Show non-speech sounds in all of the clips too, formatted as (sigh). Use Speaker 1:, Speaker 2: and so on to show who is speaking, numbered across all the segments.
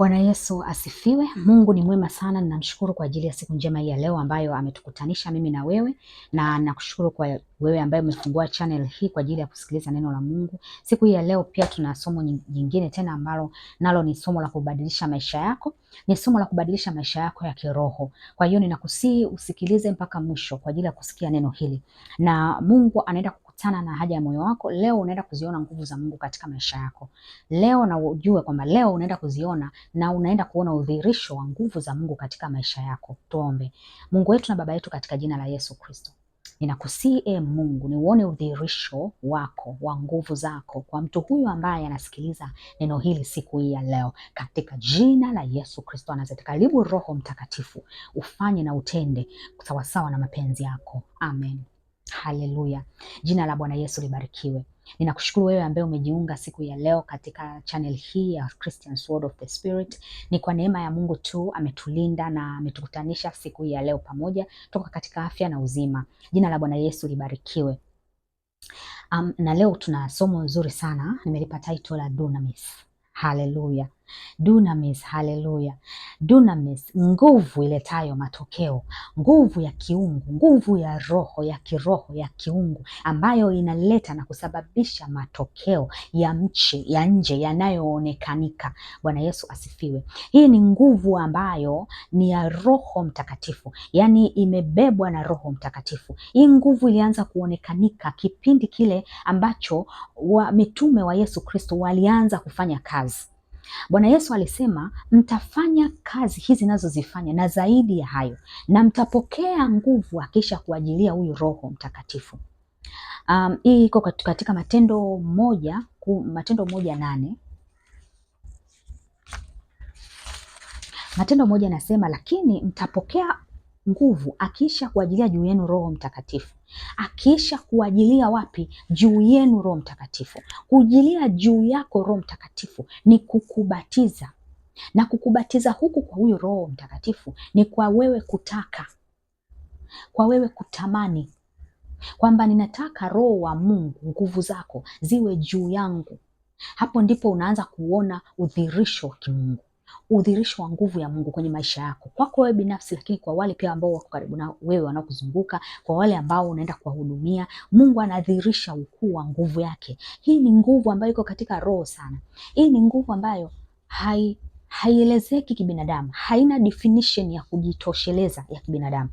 Speaker 1: Bwana Yesu asifiwe. Mungu ni mwema sana, ninamshukuru kwa ajili ya siku njema hii ya leo ambayo ametukutanisha mimi na wewe, na nakushukuru kwa wewe ambaye umefungua channel hii kwa ajili ya kusikiliza neno la Mungu. Siku hii ya leo pia tuna somo nyingine tena ambalo nalo ni somo la kubadilisha maisha yako, ni somo la kubadilisha maisha yako ya kiroho. Kwa hiyo ninakusihi usikilize mpaka mwisho kwa ajili ya kusikia neno hili, na Mungu anaenda Achana na haja ya moyo wako. Leo unaenda kuziona nguvu za Mungu katika maisha yako. Leo na ujue kwamba leo unaenda kuziona na unaenda kuona udhihirisho wa nguvu za Mungu katika maisha yako. Tuombe. Mungu wetu na Baba yetu, katika jina la Yesu Kristo Ninakusii e Mungu, niuone udhihirisho wako wa nguvu zako kwa mtu huyu ambaye anasikiliza neno hili siku hii ya leo, katika jina la Yesu Kristo anazeti. Karibu Roho Mtakatifu, ufanye na utende sawasawa na mapenzi yako, amen. Haleluya, jina la Bwana Yesu libarikiwe. Ninakushukuru wewe ambaye umejiunga siku ya leo katika channel hii ya Christian Sword of the Spirit. Ni kwa neema ya Mungu tu ametulinda na ametukutanisha siku hii ya leo pamoja, toka katika afya na uzima. Jina la Bwana Yesu libarikiwe. Um, na leo tuna somo nzuri sana, nimelipa title la Dunamis. Haleluya. Dunamis, haleluya. Dunamis, nguvu iletayo matokeo, nguvu ya kiungu, nguvu ya roho ya kiroho ya kiungu ambayo inaleta na kusababisha matokeo ya mche ya nje yanayoonekanika. Bwana Yesu asifiwe. Hii ni nguvu ambayo ni ya Roho Mtakatifu, yaani imebebwa na Roho Mtakatifu. Hii nguvu ilianza kuonekanika kipindi kile ambacho wa mitume wa Yesu Kristo walianza kufanya kazi Bwana Yesu alisema mtafanya kazi hizi nazozifanya na zaidi ya hayo, na mtapokea nguvu akisha kuajilia huyu Roho Mtakatifu. Um, hii iko katika Matendo moja ku, Matendo moja nane Matendo moja anasema, lakini mtapokea nguvu akisha kuajilia juu yenu Roho Mtakatifu akiisha kuajilia wapi? Juu yenu Roho Mtakatifu. kujilia juu yako Roho Mtakatifu ni kukubatiza, na kukubatiza huku kwa huyu Roho Mtakatifu ni kwa wewe kutaka, kwa wewe kutamani kwamba ninataka Roho wa Mungu, nguvu zako ziwe juu yangu. Hapo ndipo unaanza kuona udhirisho wa kimungu udhirisho wa nguvu ya Mungu kwenye maisha yako, kwako wewe binafsi, lakini kwa wale pia ambao wako karibu na wewe wanaokuzunguka, kwa wale ambao unaenda kuwahudumia. Mungu anadhirisha ukuu wa nguvu yake. Hii ni nguvu ambayo iko katika roho sana. Hii ni nguvu ambayo hai haielezeki kibinadamu, haina definition ya kujitosheleza ya kibinadamu,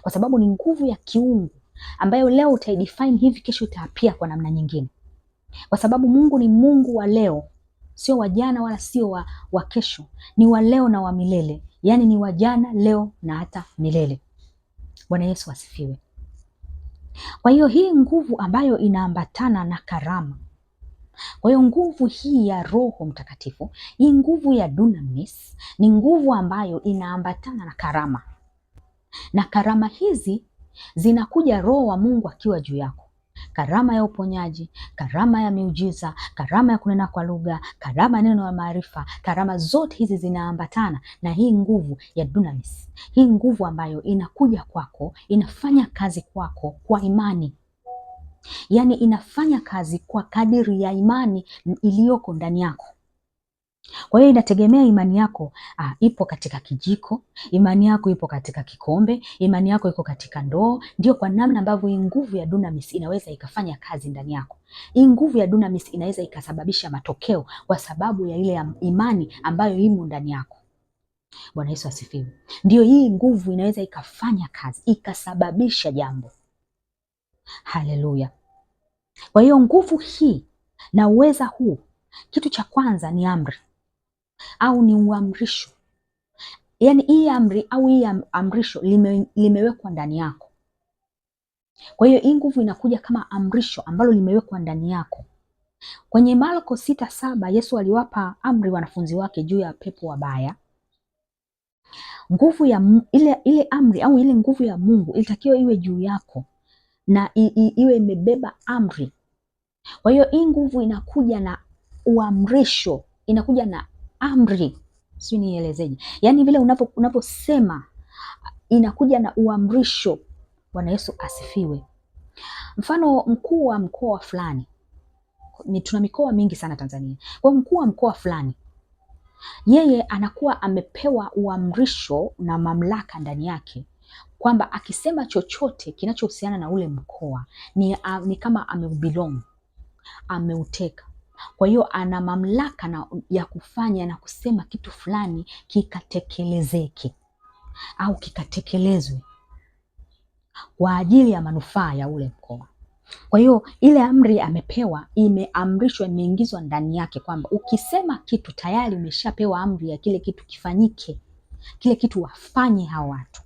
Speaker 1: kwa sababu ni nguvu ya kiungu ambayo leo utaidefine hivi, kesho itaapia kwa namna nyingine, kwa sababu Mungu ni Mungu wa leo, sio wa jana wala sio wa, wa kesho, ni wa leo na wa milele, yaani ni wa jana, leo na hata milele. Bwana Yesu asifiwe. Kwa hiyo hii nguvu ambayo inaambatana na karama, kwa hiyo nguvu hii ya Roho Mtakatifu, hii nguvu ya dunamis ni nguvu ambayo inaambatana na karama, na karama hizi zinakuja Roho wa Mungu akiwa juu yako karama ya uponyaji, karama ya miujiza, karama ya kunena kwa lugha, karama ya neno la maarifa. Karama zote hizi zinaambatana na hii nguvu ya dunamis, hii nguvu ambayo inakuja kwako, inafanya kazi kwako kwa imani yaani inafanya kazi kwa kadiri ya imani iliyoko ndani yako. Kwa hiyo inategemea imani yako a, ah, ipo katika kijiko, imani yako ipo katika kikombe, imani yako iko katika ndoo. Ndio kwa namna ambavyo hii nguvu ya dunamis inaweza ikafanya kazi ndani yako. Hii nguvu ya dunamis inaweza ikasababisha matokeo kwa sababu ya ile imani ambayo imo ndani yako. Bwana Yesu asifiwe. Ndio hii nguvu inaweza ikafanya kazi ikasababisha jambo. Haleluya! Kwa hiyo nguvu hii na uweza huu, kitu cha kwanza ni amri au ni uamrisho, yaani hii amri au hii amrisho lime, limewekwa ndani yako. Kwa hiyo hii nguvu inakuja kama amrisho ambalo limewekwa ndani yako. Kwenye Marko sita saba Yesu aliwapa amri wanafunzi wake juu ya pepo wabaya. Nguvu ya ile, ile amri au ile nguvu ya Mungu ilitakiwa iwe juu yako na i, i, iwe imebeba amri. Kwa hiyo hii nguvu inakuja na uamrisho, inakuja na amri, si nielezeje, yaani vile unapo unaposema inakuja na uamrisho. Bwana Yesu asifiwe. Mfano, mkuu wa mkoa fulani, tuna mikoa mingi sana Tanzania, kwa mkuu wa mkoa fulani yeye anakuwa amepewa uamrisho na mamlaka ndani yake kwamba akisema chochote kinachohusiana na ule mkoa ni, ni kama ameubelong ameuteka. Kwa hiyo ana mamlaka na, ya kufanya na kusema kitu fulani kikatekelezeke au kikatekelezwe kwa ajili ya manufaa ya ule mkoa. Kwa hiyo ile amri amepewa, imeamrishwa, imeingizwa ndani yake kwamba ukisema kitu tayari umeshapewa amri ya kile kitu kifanyike, kile kitu wafanye hao watu.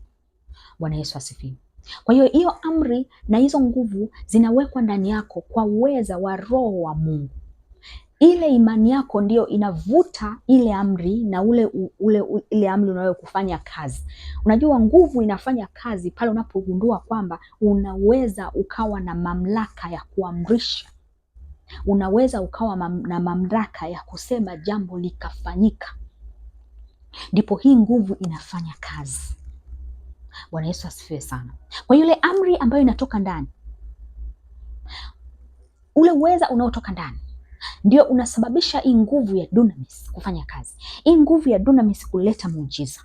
Speaker 1: Bwana Yesu asifiwe. Kwa hiyo hiyo amri na hizo nguvu zinawekwa ndani yako kwa uweza wa Roho wa Mungu ile imani yako ndio inavuta ile amri na ule, ule, ule ile amri unayokufanya kazi. Unajua nguvu inafanya kazi pale unapogundua kwamba unaweza ukawa na mamlaka ya kuamrisha, unaweza ukawa mam, na mamlaka ya kusema jambo likafanyika, ndipo hii nguvu inafanya kazi. Bwana Yesu asifiwe sana. Kwa yule amri ambayo inatoka ndani, ule uweza unaotoka ndani ndio unasababisha hii nguvu ya dunamis kufanya kazi, hii nguvu ya dunamis kuleta muujiza.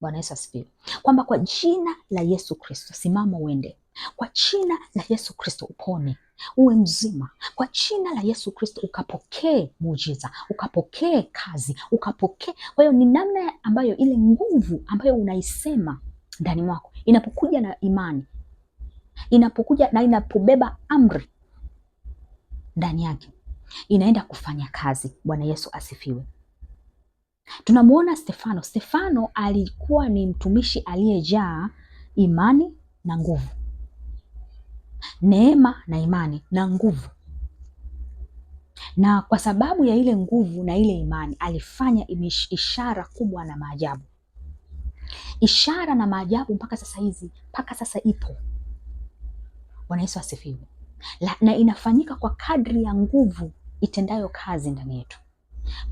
Speaker 1: Bwana Yesu asifiwe, kwamba kwa jina la Yesu Kristo simama uende, kwa jina la Yesu Kristo upone, uwe mzima, kwa jina la Yesu Kristo ukapokee muujiza, ukapokee kazi, ukapokee. Kwa hiyo ni namna ambayo ile nguvu ambayo unaisema ndani mwako inapokuja na imani, inapokuja na inapobeba amri ndani yake inaenda kufanya kazi. Bwana Yesu asifiwe. Tunamwona Stefano. Stefano alikuwa ni mtumishi aliyejaa imani na nguvu, neema na imani na nguvu, na kwa sababu ya ile nguvu na ile imani alifanya ishara kubwa na maajabu. Ishara na maajabu mpaka sasa hizi, mpaka sasa ipo. Bwana Yesu asifiwe, na inafanyika kwa kadri ya nguvu itendayo kazi ndani yetu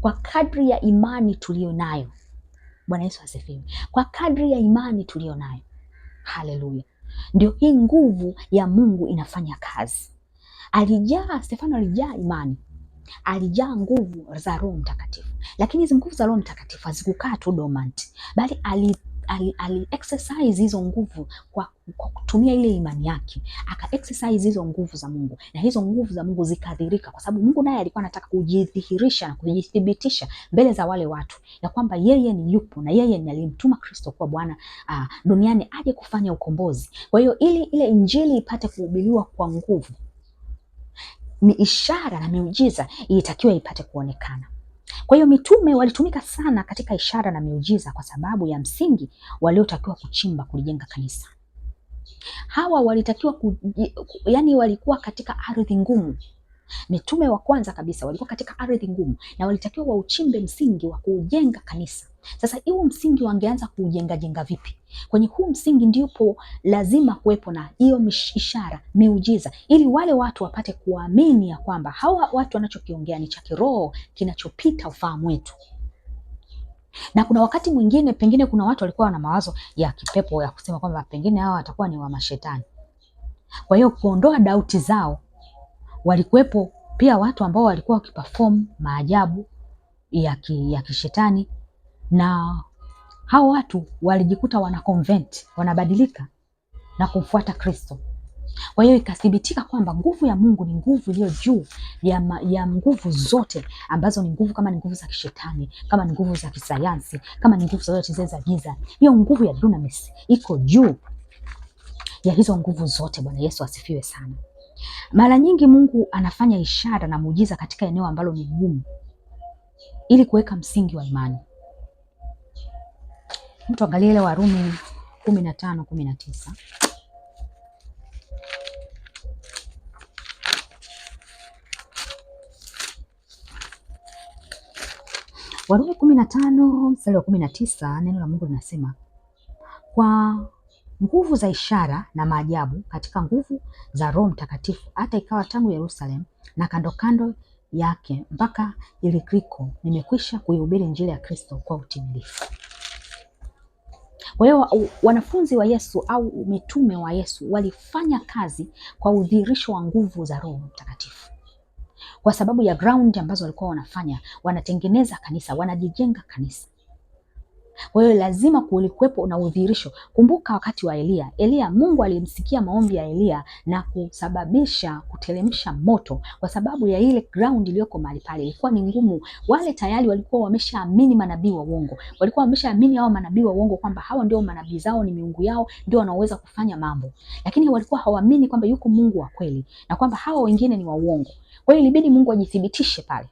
Speaker 1: kwa kadri ya imani tuliyo nayo. Bwana Yesu asifiwe! Kwa kadri ya imani tuliyo nayo, haleluya! Ndio hii nguvu ya Mungu inafanya kazi. Alijaa Stefano, alijaa imani, alijaa nguvu za Roho Mtakatifu, lakini hizi nguvu za Roho Mtakatifu hazikukaa tu dormant, bali ali aliexercise ali hizo nguvu kwa, kwa kutumia ile imani yake, akaexercise hizo nguvu za Mungu na hizo nguvu za Mungu zikadhirika, kwa sababu Mungu naye alikuwa anataka kujidhihirisha na kujithibitisha mbele za wale watu ya kwamba yeye ni yupo na yeye ni alimtuma Kristo kuwa Bwana uh, duniani aje kufanya ukombozi. Kwa hiyo ili ile injili ipate kuhubiriwa kwa nguvu, miishara na miujiza ilitakiwa ipate kuonekana. Kwa hiyo mitume walitumika sana katika ishara na miujiza kwa sababu ya msingi waliotakiwa kuchimba kulijenga kanisa. Hawa walitakiwa ku, yani walikuwa katika ardhi ngumu Mitume wa kwanza kabisa walikuwa katika ardhi ngumu na walitakiwa wauchimbe msingi wa kuujenga kanisa. Sasa hiyo msingi wangeanza kuujenga jenga vipi? Kwenye huu msingi ndipo lazima kuwepo na hiyo ishara, miujiza, ili wale watu wapate kuamini ya kwamba hawa watu wanachokiongea ni cha kiroho kinachopita ufahamu wetu. Na kuna wakati mwingine pengine kuna watu walikuwa wana mawazo ya kipepo ya kusema kwamba pengine hawa watakuwa ni wa mashetani. Kwa hiyo kuondoa dauti zao Walikuwepo pia watu ambao walikuwa wakiperform maajabu ya, ki, ya kishetani na hao watu walijikuta wana convert, wanabadilika na kumfuata Kristo. Kwa hiyo ikathibitika kwamba nguvu ya Mungu ni nguvu iliyo juu ya, ya nguvu zote ambazo ni nguvu, kama ni nguvu za kishetani, kama ni nguvu za kisayansi, kama ni nguvu zote zile za giza. Hiyo nguvu ya dunamis iko juu ya hizo nguvu zote. Bwana Yesu asifiwe sana. Mara nyingi Mungu anafanya ishara na muujiza katika eneo ambalo ni gumu ili kuweka msingi wa imani. Mtu angalie ile Warumi kumi na kumi na tisa Warumi kumi na tano mstari wa kumi na tisa neno la Mungu linasema kwa nguvu za ishara na maajabu katika nguvu za Roho Mtakatifu, hata ikawa tangu Yerusalemu na kando kando yake mpaka Iliriko nimekwisha kuihubiri Injili ya Kristo kwa utimilifu. Kwa hiyo wanafunzi wa Yesu au mitume wa Yesu walifanya kazi kwa udhihirisho wa nguvu za Roho Mtakatifu, kwa sababu ya ground ambazo walikuwa wanafanya, wanatengeneza kanisa, wanajijenga kanisa. Kwa hiyo lazima kulikuwepo na udhihirisho. Kumbuka wakati wa Eliya, Eliya Mungu alimsikia maombi ya Eliya na kusababisha kutelemsha moto, kwa sababu ya ile ground iliyoko mahali pale ilikuwa ni ngumu. Wale tayari walikuwa wameshaamini manabii wa uongo, walikuwa wameshaamini hao manabii wa uongo kwamba hao ndio manabii zao, ni miungu yao, ndio wanaoweza kufanya mambo, lakini walikuwa hawaamini kwamba yuko Mungu wa kweli na kwamba hao wengine ni wa uongo. Kwa hiyo ilibidi Mungu ajithibitishe pale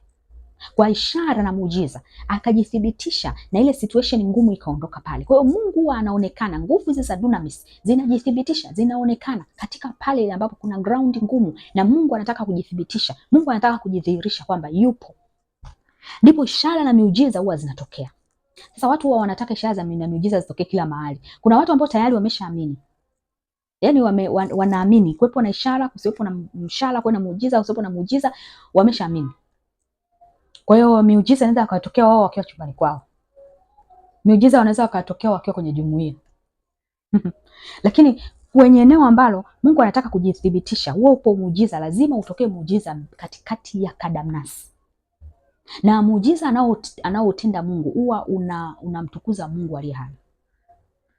Speaker 1: kwa ishara na muujiza akajithibitisha, na ile situation ngumu ikaondoka pale. Kwa hiyo Mungu huwa anaonekana, nguvu hizi za dunamis zinajithibitisha, zinaonekana katika pale ambapo kuna ground ngumu, na Mungu anataka kujithibitisha, Mungu anataka kujidhihirisha kwamba yupo, ndipo ishara na miujiza huwa zinatokea. Sasa watu huwa wanataka ishara za na miujiza zitokee kila mahali. Kuna watu ambao tayari wameshaamini yaani wame, wanaamini kuwepo na ishara, kusiwepo na mshara, kuwe na muujiza, kusiwepo na muujiza, wameshaamini. Kwa hiyo miujiza inaweza wakatokea wao wakiwa chumbani kwao, miujiza wanaweza wakawatokea wakiwa kwenye jumuiya (laughs) lakini kwenye eneo ambalo Mungu anataka kujithibitisha, huo upo muujiza, lazima utokee muujiza katikati ya kadamnasi, na muujiza anaotenda Mungu huwa unamtukuza una Mungu aliye hai,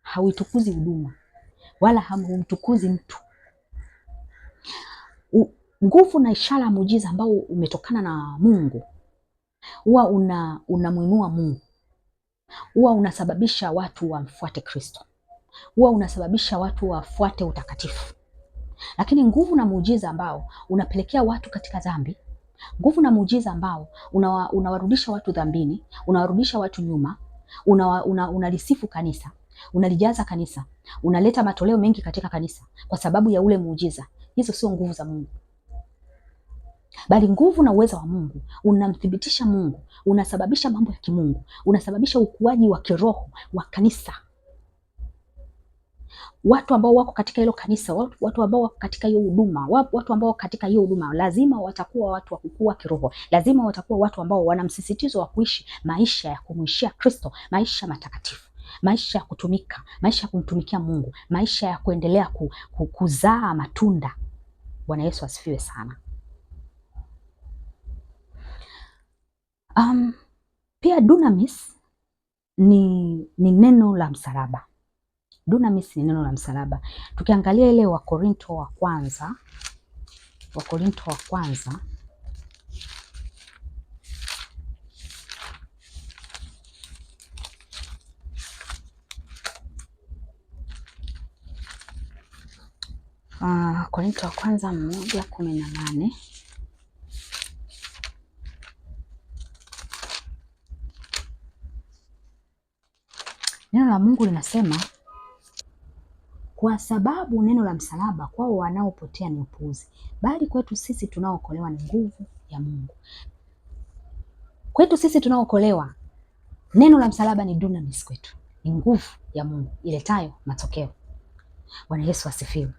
Speaker 1: hauitukuzi huduma wala haumtukuzi mtu. Nguvu na ishara ya muujiza ambao umetokana na Mungu huwa una unamwinua Mungu, huwa unasababisha watu wamfuate Kristo, huwa unasababisha watu wafuate utakatifu. Lakini nguvu na muujiza ambao unapelekea watu katika dhambi, nguvu na muujiza ambao unawa, unawarudisha watu dhambini, unawarudisha watu nyuma, unalisifu una, una kanisa unalijaza kanisa, unaleta matoleo mengi katika kanisa kwa sababu ya ule muujiza. Hizo sio nguvu za Mungu bali nguvu na uweza wa Mungu unamthibitisha Mungu, unasababisha mambo ya kimungu, unasababisha ukuaji wa kiroho wa kanisa. Watu ambao wako katika hilo kanisa, watu ambao wako katika hiyo huduma, watu ambao wako katika hiyo huduma lazima watakuwa watu wa kukua kiroho, lazima watakuwa watu ambao wana msisitizo wa kuishi maisha ya kumwishia Kristo, maisha matakatifu maisha ya kutumika, maisha ya kumtumikia Mungu, maisha ya kuendelea ku, ku, kuzaa matunda. Bwana Yesu asifiwe sana. Um, pia dunamis ni, ni neno la msalaba. Dunamis ni neno la msalaba. Tukiangalia ile Wakorinto wa kwanza, Wakorinto wa kwanza Uh, Korinto wa kwanza moja kumi na nane Neno la Mungu linasema kwa sababu neno la msalaba kwao wanaopotea ni upuuzi, bali kwetu sisi tunaokolewa ni nguvu ya Mungu. Kwetu sisi tunaookolewa, neno la msalaba ni dunamis kwetu, ni nguvu ya Mungu iletayo matokeo. Bwana Yesu asifiwe.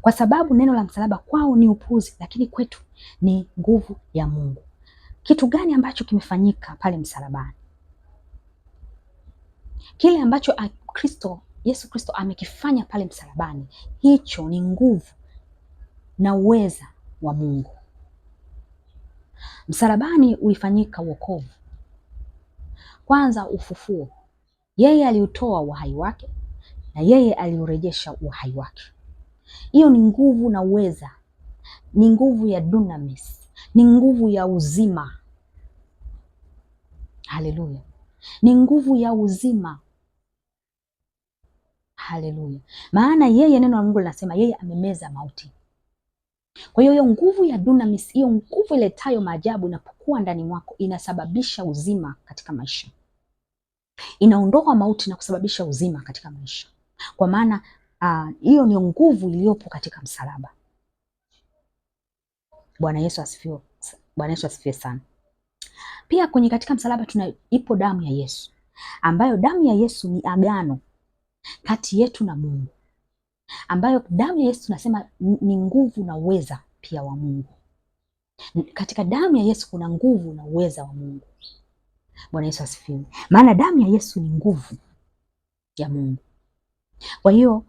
Speaker 1: Kwa sababu neno la msalaba kwao ni upuuzi, lakini kwetu ni nguvu ya Mungu. Kitu gani ambacho kimefanyika pale msalabani? Kile ambacho Kristo Yesu Kristo amekifanya pale msalabani, hicho ni nguvu na uweza wa Mungu. Msalabani ulifanyika wokovu, kwanza ufufuo. Yeye aliutoa uhai wake na yeye aliurejesha uhai wake. Hiyo ni nguvu na uweza, ni nguvu ya dunamis, ni nguvu ya uzima. Haleluya! ni nguvu ya uzima. Haleluya! Maana yeye, neno la Mungu linasema yeye amemeza mauti. Kwa hiyo hiyo nguvu ya dunamis, hiyo nguvu iletayo maajabu inapokuwa ndani mwako, inasababisha uzima katika maisha, inaondoa mauti na kusababisha uzima katika maisha, kwa maana ah, hiyo uh, ni nguvu iliyopo katika msalaba. Bwana Yesu asifiwe. Bwana Yesu asifiwe sana. Pia kwenye katika msalaba tuna ipo damu ya Yesu ambayo damu ya Yesu ni agano kati yetu na Mungu, ambayo damu ya Yesu tunasema ni nguvu na uweza pia wa Mungu. Katika damu ya Yesu kuna nguvu na uweza wa Mungu. Bwana Yesu asifiwe. Maana damu ya Yesu ni nguvu ya Mungu. Kwa hiyo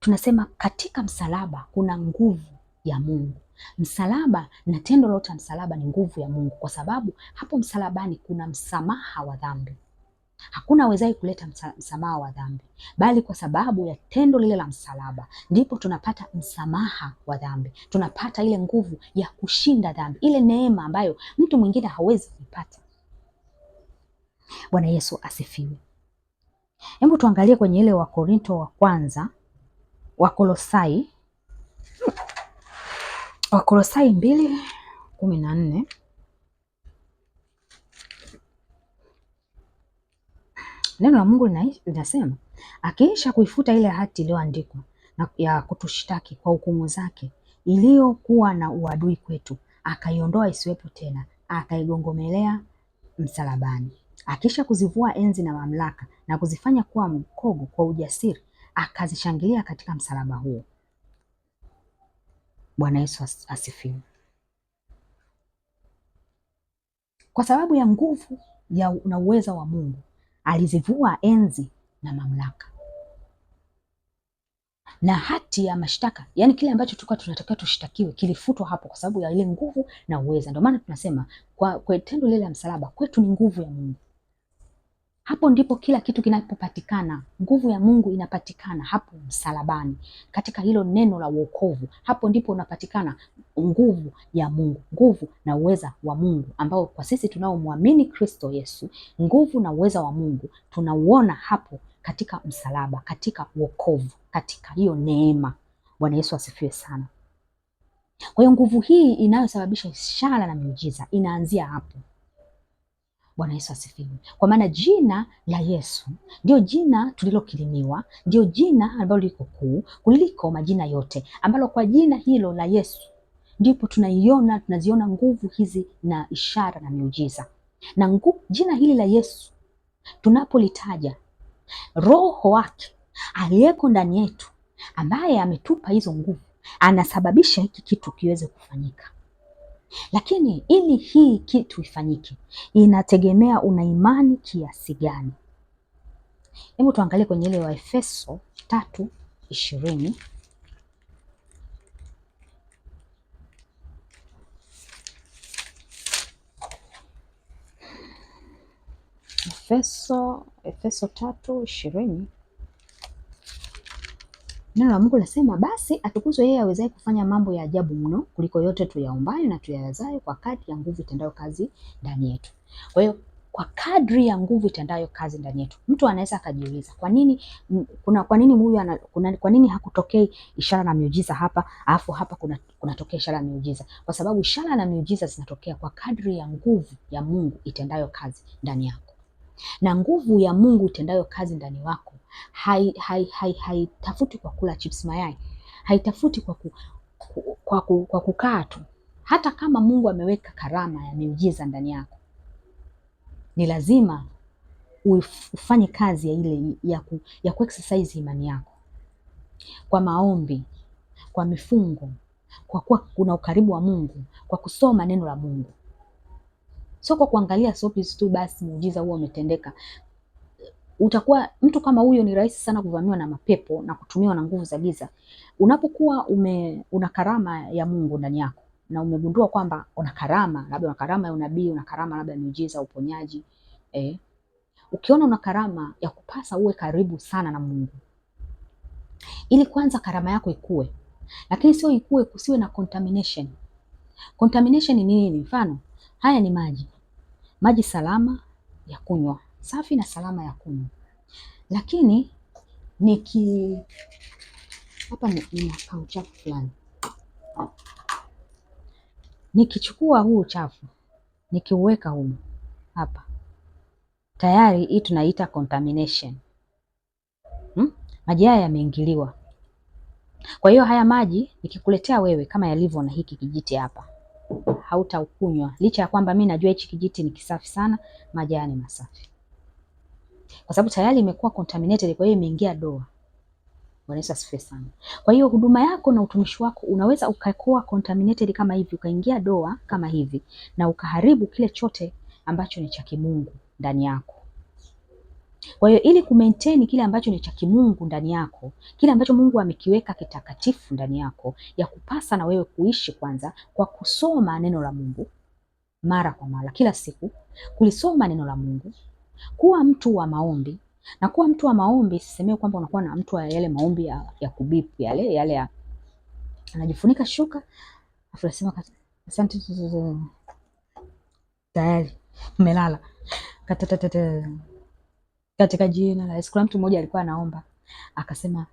Speaker 1: tunasema katika msalaba kuna nguvu ya Mungu. Msalaba na tendo lote la msalaba ni nguvu ya Mungu, kwa sababu hapo msalabani kuna msamaha wa dhambi. Hakuna awezaye kuleta msamaha wa dhambi, bali kwa sababu ya tendo lile la msalaba ndipo tunapata msamaha wa dhambi, tunapata ile nguvu ya kushinda dhambi, ile neema ambayo mtu mwingine hawezi kuipata. Bwana Yesu asifiwe. Hebu tuangalie kwenye ile Wakorinto wa kwanza, Wakolosai Wakolosai mbili kumi na nne neno la Mungu linasema, akiisha kuifuta ile hati iliyoandikwa na ya kutushtaki kwa hukumu zake iliyokuwa na uadui kwetu, akaiondoa isiwepo tena, akaigongomelea msalabani. Akiisha kuzivua enzi na mamlaka na kuzifanya kuwa mkogo kwa ujasiri, akazishangilia katika msalaba huo Bwana Yesu asifiwe. Kwa sababu ya nguvu ya na uweza wa Mungu alizivua enzi na mamlaka na hati ya mashtaka, yaani kile ambacho tulikuwa tunatakiwa tushtakiwe kilifutwa hapo, kwa sababu ya ile nguvu na uweza. Ndio maana tunasema kwa, kwa tendo lile la msalaba kwetu ni nguvu ya Mungu. Hapo ndipo kila kitu kinapopatikana. Nguvu ya Mungu inapatikana hapo msalabani, katika hilo neno la wokovu. Hapo ndipo unapatikana nguvu ya Mungu, nguvu na uweza wa Mungu ambao kwa sisi tunaomwamini Kristo Yesu, nguvu na uweza wa Mungu tunauona hapo katika msalaba, katika wokovu, katika hiyo neema. Bwana Yesu asifiwe sana. Kwa hiyo nguvu hii inayosababisha ishara na miujiza inaanzia hapo. Bwana Yesu asifiwe. Kwa maana jina la Yesu ndio jina tulilokirimiwa, ndio jina ambalo liko kuu kuliko majina yote, ambalo kwa jina hilo la Yesu ndipo tunaiona tunaziona nguvu hizi na ishara na miujiza na ngu, jina hili la Yesu tunapolitaja, Roho wake aliyeko ndani yetu ambaye ametupa hizo nguvu anasababisha hiki kitu kiweze kufanyika. Lakini ili hii kitu ifanyike, inategemea una imani kiasi gani. Hebu tuangalie kwenye ile Waefeso tatu ishirini Efeso Efeso tatu ishirini Neno la Mungu linasema basi atukuzwe yeye awezaye kufanya mambo ya ajabu mno kuliko yote tuyaombayo na tuyawazayo kwa kadri ya nguvu itendayo kazi ndani yetu. Kwa hiyo kwa kadri ya nguvu itendayo kazi ndani yetu. Mtu anaweza akajiuliza kwa nini kuna kwa nini huyu ana kuna, kwa nini hakutokei ishara na miujiza hapa alafu hapa kuna kunatokea ishara na miujiza? Kwa sababu ishara na miujiza zinatokea kwa kadri ya nguvu ya Mungu itendayo kazi ndani yako na nguvu ya Mungu itendayo kazi ndani wako haitafuti hai, hai, hai, kwa kula chips mayai, haitafuti kwa, ku, kwa, ku, kwa kukaa tu. Hata kama Mungu ameweka karama ya miujiza ndani yako, ni lazima ufanye kazi ya ile ya, ku, ya kuexercise imani yako kwa maombi, kwa mifungo, kwa kuwa kuna ukaribu wa Mungu, kwa kusoma neno la Mungu sio kwa kuangalia soaps tu basi muujiza huo umetendeka. Utakuwa mtu kama huyo ni rahisi sana kuvamiwa na mapepo na kutumiwa na nguvu za giza. Unapokuwa ume, una karama ya Mungu ndani yako na umegundua kwamba una karama, labda una karama ya unabii, una karama labda ya miujiza, uponyaji eh. Ukiona una karama ya kupasa, uwe karibu sana na Mungu ili kwanza karama yako ikue, lakini sio ikue kusiwe na contamination. Contamination ni nini? Mfano haya ni maji maji salama ya kunywa, safi na salama ya kunywa. Lakini niki hapa nina uchafu fulani, nikichukua huu uchafu nikiuweka humu hapa, tayari hii tunaita contamination hmm? maji haya yameingiliwa. Kwa hiyo haya maji nikikuletea wewe kama yalivyo na hiki kijiti hapa hautaukunywa, licha ya kwamba mi najua hichi kijiti ni kisafi sana, majani ni masafi, kwa sababu tayari imekuwa contaminated, kwa hiyo imeingia doa. Bwana Yesu asifiwe sana. Kwa hiyo huduma yako na utumishi wako unaweza ukakuwa contaminated kama hivi, ukaingia doa kama hivi, na ukaharibu kile chote ambacho ni cha kimungu ndani yako. Kwa hiyo ili kumaintain kile ambacho ni cha kimungu ndani yako, kile ambacho Mungu amekiweka kitakatifu ndani yako, ya kupasa na wewe kuishi kwanza kwa kusoma neno la Mungu mara kwa mara, kila siku kulisoma neno la Mungu, kuwa mtu wa maombi na kuwa mtu wa maombi, sisemee kwamba unakuwa na mtu wa yale maombi ya, ya kubipu yale yale ya anajifunika shuka afu anasema asante tayari melala katatatata katika jina la Yesu. Kuna mtu mmoja alikuwa anaomba akasema,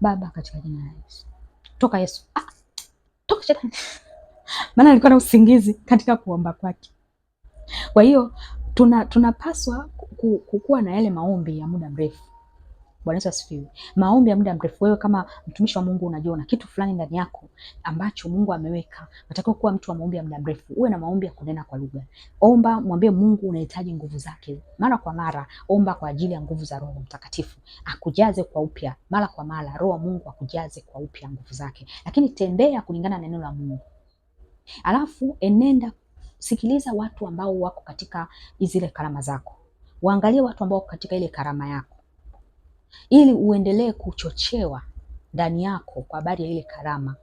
Speaker 1: Baba, katika jina la Yesu toka Yesu, ah, toka shetani (laughs) maana alikuwa na usingizi katika kuomba kwake. Kwa hiyo tunapaswa tuna kukuwa na yale maombi ya muda mrefu Bwana Yesu asifiwe. Maombi ya muda mrefu, wewe kama mtumishi wa Mungu unajiona kitu fulani ndani yako ambacho Mungu ameweka. Unatakiwa kuwa mtu wa maombi ya muda mrefu, uwe na maombi ya kunena kwa lugha. Omba, mwambie Mungu unahitaji nguvu zake. Mara kwa mara omba kwa ajili ya nguvu za Roho Mtakatifu akujaze kwa upya, mara kwa mara Roho wa Mungu akujaze kwa upya nguvu zake, lakini tembea kulingana na neno la Mungu, alafu enenda sikiliza watu ambao wako katika zile karama zako, waangalie watu ambao wako katika ile karama yako ili uendelee kuchochewa ndani yako kwa habari ya ile karama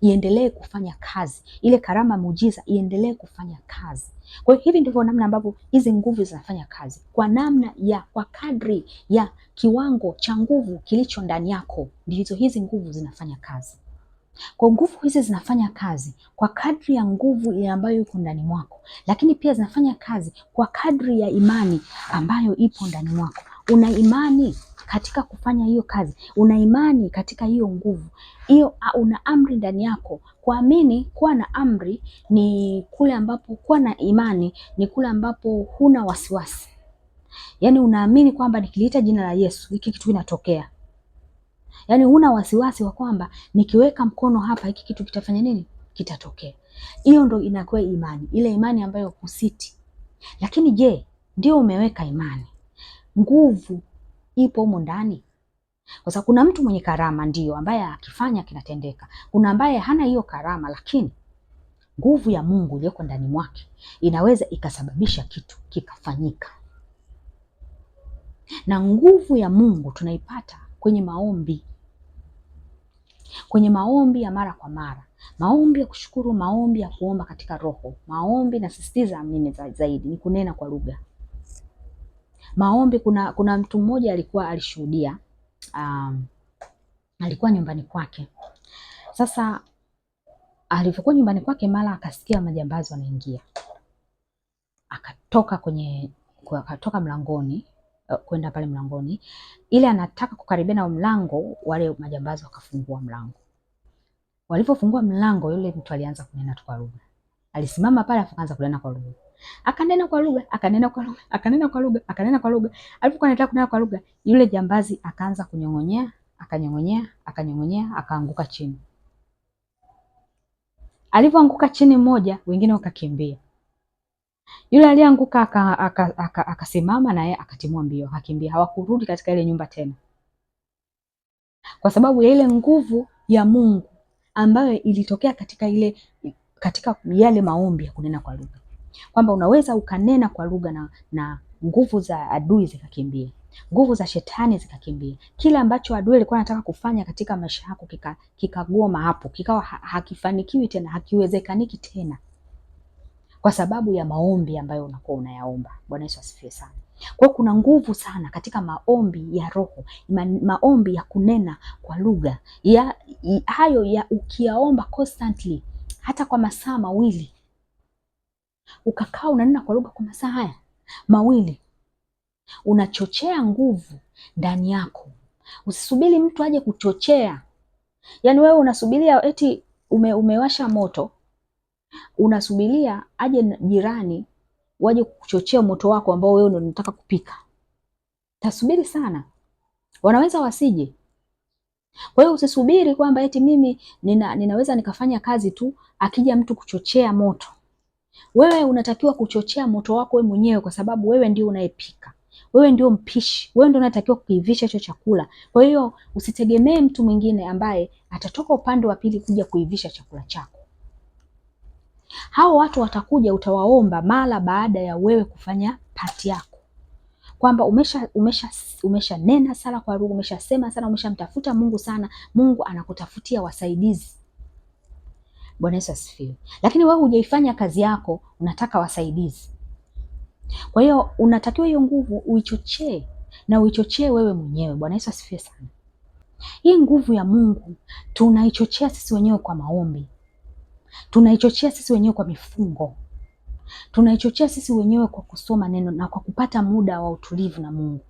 Speaker 1: iendelee kufanya kazi, ile karama muujiza iendelee kufanya kazi. Kwa hiyo hivi ndivyo namna ambavyo hizi nguvu zinafanya kazi, kwa namna ya, kwa kadri ya kiwango cha nguvu kilicho ndani yako, ndivyo hizi nguvu zinafanya kazi. Kwa nguvu hizi zinafanya kazi kwa kadri ya nguvu ambayo iko ndani mwako, lakini pia zinafanya kazi kwa kadri ya imani ambayo ipo ndani mwako una imani katika kufanya hiyo kazi, una imani katika hiyo nguvu hiyo, una amri ndani yako. Kuamini, kuwa na amri ni kule ambapo, kuwa na imani ni kule ambapo huna wasiwasi, yaani unaamini kwamba nikiliita jina la Yesu hiki kitu kinatokea, yaani huna wasiwasi wa kwamba nikiweka mkono hapa hiki kitu kitafanya nini, kitatokea. Hiyo ndo inakuwa imani, ile imani ambayo kusiti Lakini je, ndio umeweka imani nguvu ipo humo ndani. sababu kuna mtu mwenye karama ndio ambaye akifanya kinatendeka, kuna ambaye hana hiyo karama, lakini nguvu ya Mungu iliyoko ndani mwake inaweza ikasababisha kitu kikafanyika. Na nguvu ya Mungu tunaipata kwenye maombi, kwenye maombi ya mara kwa mara, maombi ya kushukuru, maombi ya kuomba katika Roho, maombi nasisitiza mimi zaidi ni kunena kwa lugha maombi. Kuna kuna mtu mmoja alikuwa alishuhudia, um, alikuwa nyumbani kwake. Sasa alivyokuwa nyumbani kwake, mara akasikia majambazi wanaingia, akatoka kwenye akatoka mlangoni eh, kwenda pale mlangoni, ile anataka kukaribia na mlango, wale majambazi wakafungua mlango. Walipofungua mlango, yule mtu alianza kunena tu kwa lugha, alisimama pale akaanza kunena kwa lugha Akanena kwa lugha, akanena kwa lugha, akanena kwa lugha, akanena kwa lugha. Alipokuwa anataka kunena kwa lugha, yule jambazi akaanza kunyong'onyea, akanyong'onyea, akanyong'onyea, akaanguka chini. Alipoanguka chini mmoja, wengine wakakimbia. Yule aliyeanguka akasimama naye akatimua mbio, akakimbia. Hawakurudi katika ile nyumba tena, kwa sababu ya ile nguvu ya Mungu ambayo ilitokea katika ile katika yale maombi ya kunena kwa lugha kwamba unaweza ukanena kwa lugha na, na nguvu za adui zikakimbia, nguvu za shetani zikakimbia. Kile ambacho adui alikuwa anataka kufanya katika maisha yako kikagoma, kika hapo, kikawa ha hakifanikiwi tena, hakiwezekaniki tena kwa sababu ya maombi ambayo unakuwa unayaomba. Bwana Yesu asifiwe sana. Kwa hiyo kuna nguvu sana katika maombi ya roho, ma maombi ya kunena kwa lugha ya, hayo ya ukiyaomba constantly hata kwa masaa mawili ukakaa unanena kwa lugha kwa masaa haya mawili, unachochea nguvu ndani yako. Usisubiri mtu aje kuchochea. Yaani wewe unasubiria eti ume, umewasha moto, unasubiria aje jirani waje kuchochea moto wako ambao wewe ndio unataka kupika. Tasubiri sana, wanaweza wasije. Kwa hiyo usisubiri kwamba eti mimi nina, ninaweza nikafanya kazi tu akija mtu kuchochea moto. Wewe unatakiwa kuchochea moto wako wewe mwenyewe, kwa sababu wewe ndio unayepika, wewe ndio mpishi, wewe ndio unatakiwa kuivisha hicho chakula. Kwa hiyo usitegemee mtu mwingine ambaye atatoka upande wa pili kuja kuivisha chakula chako. Hao watu watakuja, utawaomba mara baada ya wewe kufanya pati yako kwamba umesha umesha umeshanena sana kwa umesha umeshasema sana, umeshamtafuta Mungu sana. Mungu anakutafutia wasaidizi Bwana Yesu asifiwe. Lakini wewe hujaifanya kazi yako, unataka wasaidizi. Kwa hiyo unatakiwa hiyo nguvu uichochee na uichochee wewe mwenyewe. Bwana Yesu asifiwe sana. Hii nguvu ya Mungu tunaichochea sisi wenyewe kwa maombi, tunaichochea sisi wenyewe kwa mifungo, tunaichochea sisi wenyewe kwa kusoma neno na kwa kupata muda wa utulivu na Mungu.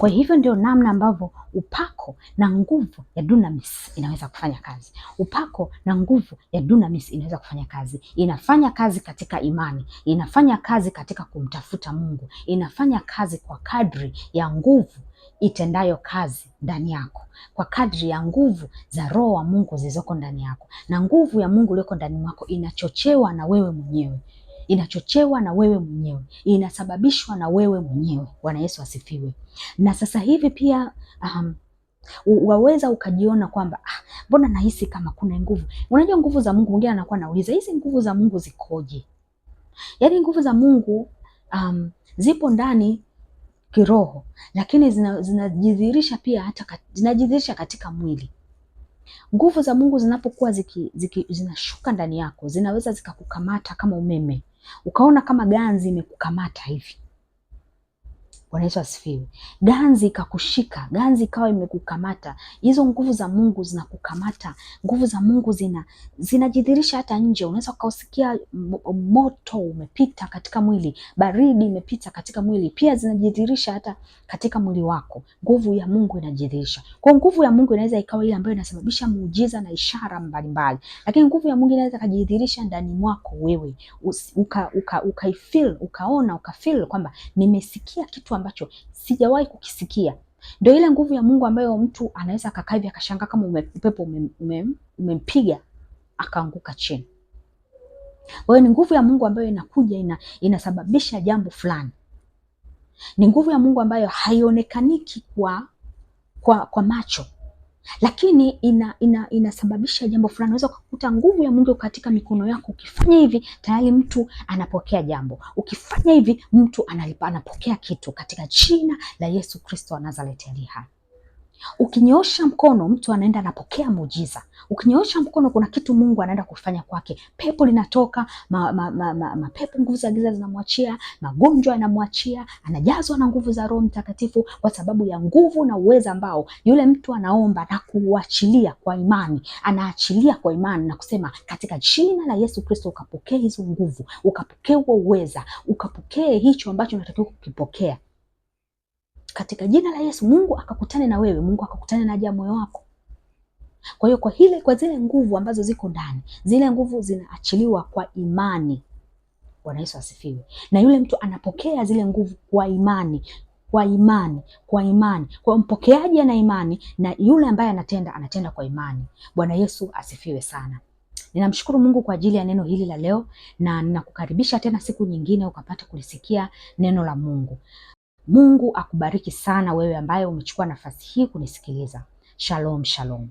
Speaker 1: Kwa hivyo ndio namna ambavyo upako na nguvu ya dunamis inaweza kufanya kazi. Upako na nguvu ya dunamis inaweza kufanya kazi, inafanya kazi katika imani, inafanya kazi katika kumtafuta Mungu, inafanya kazi kwa kadri ya nguvu itendayo kazi ndani yako, kwa kadri ya nguvu za Roho wa Mungu zilizoko ndani yako, na nguvu ya Mungu iliyoko ndani mwako inachochewa na wewe mwenyewe inachochewa na wewe mwenyewe, inasababishwa na wewe mwenyewe. Bwana Yesu asifiwe. Na sasa hivi pia um, waweza ukajiona kwamba ah, mbona nahisi kama kuna nguvu. Unajua nguvu za Mungu, mwingine anakuwa nauliza hizi nguvu za Mungu zikoje? Yaani nguvu za Mungu um, zipo ndani kiroho, lakini zinajidhihirisha zina pia hata zinajidhihirisha katika mwili. Nguvu za Mungu zinapokuwa ziki, ziki, zinashuka ndani yako, zinaweza zikakukamata kama umeme, ukaona kama ganzi imekukamata hivi, Bwana Yesu asifiwe. Ganzi ikakushika, ganzi ikawa imekukamata. Hizo nguvu za Mungu zinakukamata, nguvu za Mungu zina zinajidhirisha hata nje. Unaweza ukausikia moto umepita katika mwili, baridi imepita katika mwili, pia zinajidhirisha hata katika mwili wako. Nguvu ya Mungu inajidhirisha. Kwa nguvu ya Mungu inaweza ikawa ile ambayo inasababisha muujiza na ishara mbalimbali, lakini nguvu ya Mungu inaweza kujidhirisha ndani mwako wewe, ukaifeel uka, uka uka ukaona ukafeel kwamba nimesikia kitu ambacho sijawahi kukisikia. Ndio ile nguvu ya Mungu ambayo mtu anaweza akakaa hivi akashangaa kama upepo umempiga akaanguka chini. Kwa hiyo ni nguvu ya Mungu ambayo inakuja ina, inasababisha jambo fulani. Ni nguvu ya Mungu ambayo haionekaniki kwa, kwa, kwa macho lakini ina, ina, inasababisha jambo fulani. Unaweza ukakuta nguvu ya Mungu katika mikono yako. Ukifanya hivi tayari mtu anapokea jambo, ukifanya hivi mtu analipa, anapokea kitu katika jina la Yesu Kristo wa Nazareti aliye hai. Ukinyoosha mkono, mtu anaenda anapokea muujiza. Ukinyoosha mkono, kuna kitu Mungu anaenda kufanya kwake. Pepo linatoka, mapepo ma, ma, ma, ma, nguvu za giza zinamwachia, magonjwa yanamwachia, anajazwa na nguvu za Roho Mtakatifu kwa sababu ya nguvu na uweza ambao yule mtu anaomba na kuachilia kwa imani, anaachilia kwa imani na kusema, katika jina la Yesu Kristo, ukapokee hizo nguvu, ukapokee huo uweza, ukapokee hicho ambacho unatakiwa kukipokea katika jina la Yesu, Mungu akakutane na wewe, Mungu akakutane na haja moyo wako. Kwa hiyo kwa hile kwa zile nguvu ambazo ziko ndani, zile nguvu zinaachiliwa kwa imani. Bwana Yesu asifiwe. Na yule mtu anapokea zile nguvu kwa imani, kwa imani, kwa imani. Kwa mpokeaji ana imani na yule ambaye anatenda anatenda kwa imani. Bwana Yesu asifiwe sana. Ninamshukuru Mungu kwa ajili ya neno hili la leo na ninakukaribisha tena siku nyingine ukapata kulisikia neno la Mungu. Mungu akubariki sana wewe ambaye umechukua nafasi hii kunisikiliza. Shalom, shalom.